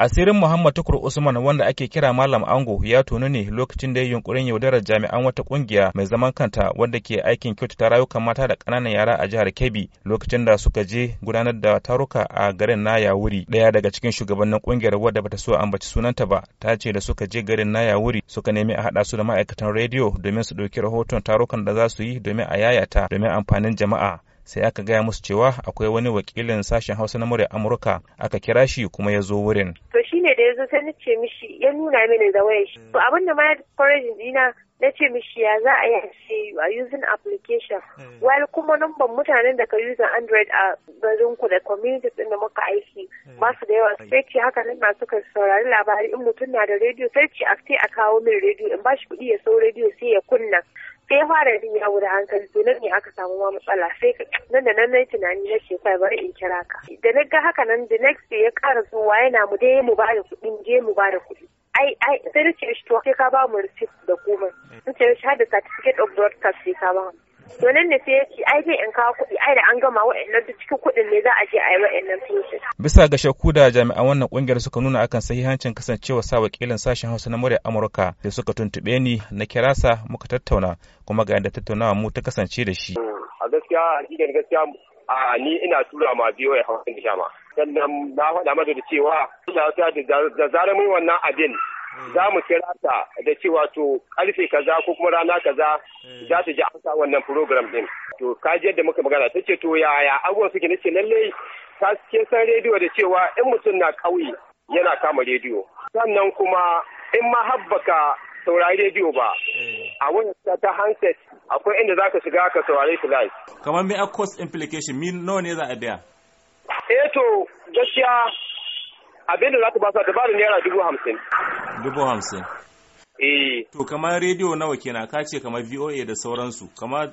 asirin muhammad tukur usman wanda ake kira malam ango ya tunu ne lokacin da ya yunkurin yaudarar jami'an wata kungiya mai zaman kanta wanda ke aikin kyautata rayukan mata da ƙananan yara a jihar kebbi lokacin da suka je gudanar da taruka a garin naya wuri daya daga cikin shugabannin kungiyar wadda bata so ambaci sunanta ba ta ce da suka je garin naya wuri suka nemi a haɗa su da ma'aikatan rediyo domin su ɗauki rahoton tarukan da za su yi domin a yayata domin amfanin jama'a sai aka gaya musu cewa akwai wani wakilin sashen hausa na murya amurka aka kira shi kuma ya zo wurin to shi ne da ya zo sai nace mishi ya nuna mini da wayar shi to abin da ma ya farajin dina na ce mishi ya za a yi a using application mm. while kuma numban mutanen da ka use android a garin ku da communities din da muka aiki masu mm. da yawa sai ce haka nan masu ka saurari labari in mutum na da rediyo sai ce a sai a kawo min rediyo in bashi kuɗi ya sau rediyo sai ya kunna sai ya fara bin yawo da hankali to nan ne aka samu ma matsala sai nan da nan na tunani na ce kai bari in kira ka da na ga haka nan the next day ya ƙara zuwa yana mu dai mu bada kuɗin je mu bada kuɗi ai ai sai na ce shi to sai ka ba mu da komai mm. na ce shi har da certificate of broadcast sai ka ba mu to nan ne sai ya ce ai dai in kawo kuɗi ai da an gama wa'annan duk cikin kuɗin ne za a je a yi wa'annan process bisa ga shakku da jami'an wannan kungiyar suka nuna akan sahihancin kasancewa sa wakilin sashen Hausa na murya Amurka da suka tuntube ni na kirasa muka tattauna kuma ga yadda tattaunawa mu ta kasance da shi a gaskiya a gaskiya a ni ina tura ma biyo ya hausa da sannan na faɗa mata da cewa da zarar mun wannan abin za mu kira ta da cewa to karfe kaza ko kuma rana kaza eh. za ta ji amsa wannan program din to ka ji yadda muka magana ta ce to yaya abuwa suke nace lallai ta ke san rediyo da cewa in mutum na ƙauye yana kama rediyo sannan kuma in ma habbaka saurari rediyo ba eh. a wani ta handset akwai inda za ka shiga ka saurari su live kamar me a cost implication mi nawa ne za a biya eh to gaskiya abinda za ta ba su dabarin naira dubu hamsin. Dubu hamsin. Eh. To kamar rediyo nawa kenan ka ce kamar VOA da sauransu kamar.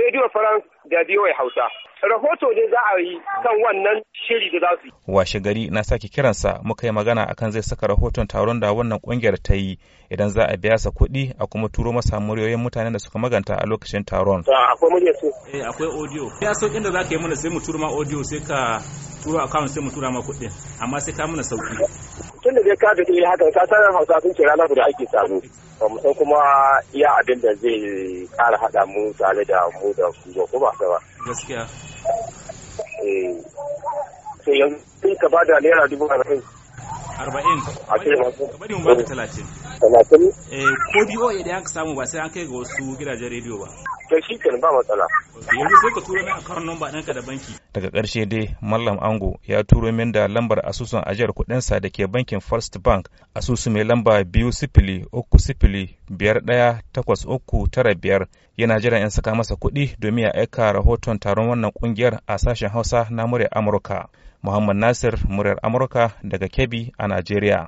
Rediyo Farans da VOA Hausa. Rahoto ne za a yi kan wannan shiri da za su yi. Washe gari na sake kiransa muka yi magana akan zai saka rahoton taron da wannan kungiyar ta yi idan za a biya sa kuɗi a kuma turo masa muryoyin mutanen da suka maganta a lokacin taron. Akwai muryar Eh akwai audio. Ya sauƙin da za ka yi mana sai mu turo ma audio sai ka turo account sai mu tura ma kuɗin amma sai ka muna sauki tun da zai ka da ilmi haka ka san Hausa sun ce ranar da ake samu ba mu san kuma iya abin da zai ƙara hada mu tare da mu da su ko ba ba gaskiya eh to yanzu ka bada naira dubu arba'in arba'in bari mu baka talatin talatin eh ko biyo idan ka samu ba sai an kai ga wasu gidajen rediyo ba daga ƙarshe dai mallam ango ya turo min da lambar asusun ajiyar kuɗinsa da ke bankin first bank asusu mai lamba biyu sifili uku sifili biyar ɗaya takwas uku tara biyar yana jiran in saka masa kuɗi domin ya aika rahoton taron wannan ƙungiyar a sashen hausa na muryar amurka muhammad nasir muryar amurka daga kebbi a najeriya